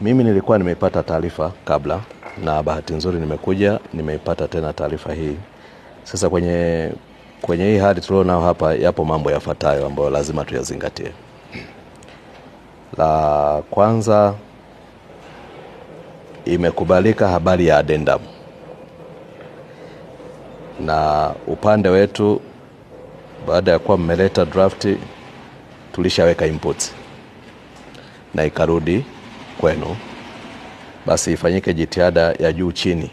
Mimi nilikuwa nimeipata taarifa kabla na bahati nzuri nimekuja nimeipata tena taarifa hii. Sasa kwenye, kwenye hii hali tulionao hapa, yapo mambo yafuatayo ambayo lazima tuyazingatie. La kwanza, imekubalika habari ya addendum na upande wetu, baada ya kuwa mmeleta drafti, tulishaweka inputs na ikarudi kwenu, basi ifanyike jitihada ya juu chini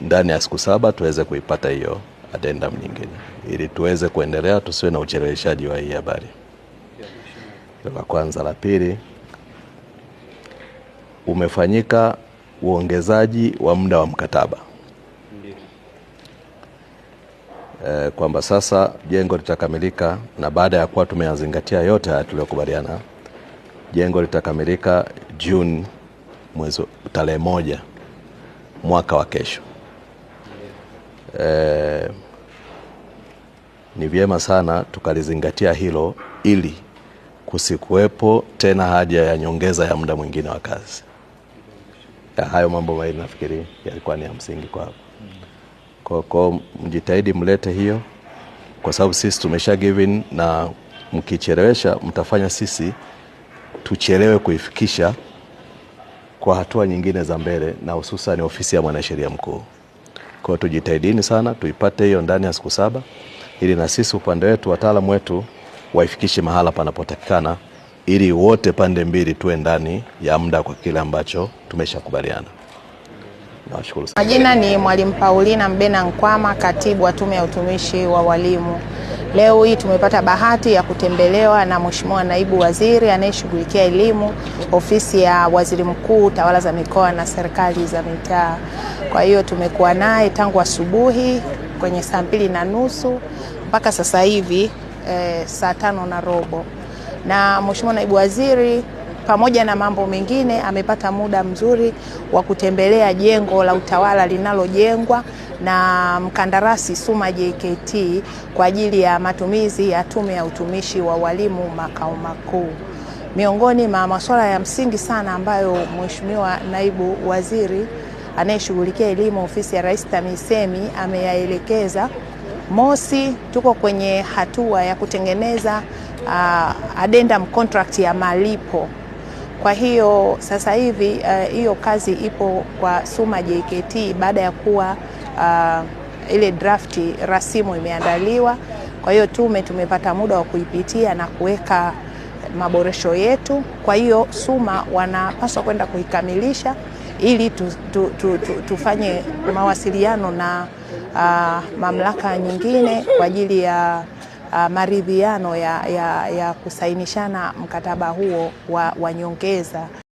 ndani ya siku saba tuweze kuipata hiyo adenda nyingine, ili tuweze kuendelea, tusiwe na ucheleweshaji wa hii habari. La kwanza. La pili, umefanyika uongezaji wa muda wa mkataba e, kwamba sasa jengo litakamilika na baada ya kuwa tumeyazingatia yote haya tuliyokubaliana Jengo litakamilika Juni mwezi tarehe moja mwaka wa kesho. E, ni vyema sana tukalizingatia hilo ili kusikuwepo tena haja ya nyongeza ya muda mwingine wa kazi. Ya hayo mambo mawili nafikiri yalikuwa ni ya msingi kwa hapo. Kwa kwa mjitahidi mlete hiyo kwa sababu sisi tumesha given na mkichelewesha mtafanya sisi tuchelewe kuifikisha kwa hatua nyingine za mbele, na hususan ofisi ya mwanasheria mkuu. Kwa hiyo tujitahidini sana tuipate hiyo ndani ya siku saba, ili na sisi upande wetu wataalamu wetu waifikishe mahala panapotakikana, ili wote pande mbili tuwe ndani ya muda kwa kile ambacho tumeshakubaliana. Nashukuru sana. Majina ni Mwalimu Paulina Mbena Nkwama, katibu wa Tume ya Utumishi wa Walimu. Leo hii tumepata bahati ya kutembelewa na Mheshimiwa Naibu Waziri anayeshughulikia elimu, ofisi ya Waziri Mkuu, tawala za mikoa na serikali za mitaa. Kwa hiyo tumekuwa naye tangu asubuhi kwenye saa mbili na nusu mpaka sasa hivi eh, saa tano na robo na Mheshimiwa Naibu Waziri pamoja na mambo mengine, amepata muda mzuri wa kutembelea jengo la utawala linalojengwa na mkandarasi Suma JKT kwa ajili ya matumizi ya Tume ya Utumishi wa Walimu makao makuu. Miongoni mwa masuala ya msingi sana ambayo Mheshimiwa Naibu Waziri anayeshughulikia elimu ofisi ya Rais TAMISEMI ameyaelekeza. Mosi, tuko kwenye hatua ya kutengeneza uh, addendum contract ya malipo kwa hiyo sasa hivi eh, hiyo uh, kazi ipo kwa SUMA JKT baada ya kuwa uh, ile drafti rasimu imeandaliwa. Kwa hiyo tume tumepata muda wa kuipitia na kuweka maboresho yetu. Kwa hiyo SUMA wanapaswa kwenda kuikamilisha ili tu, tu, tu, tu, tufanye mawasiliano na uh, mamlaka nyingine kwa ajili ya uh, maridhiano ya, ya, ya kusainishana mkataba huo wa, wa nyongeza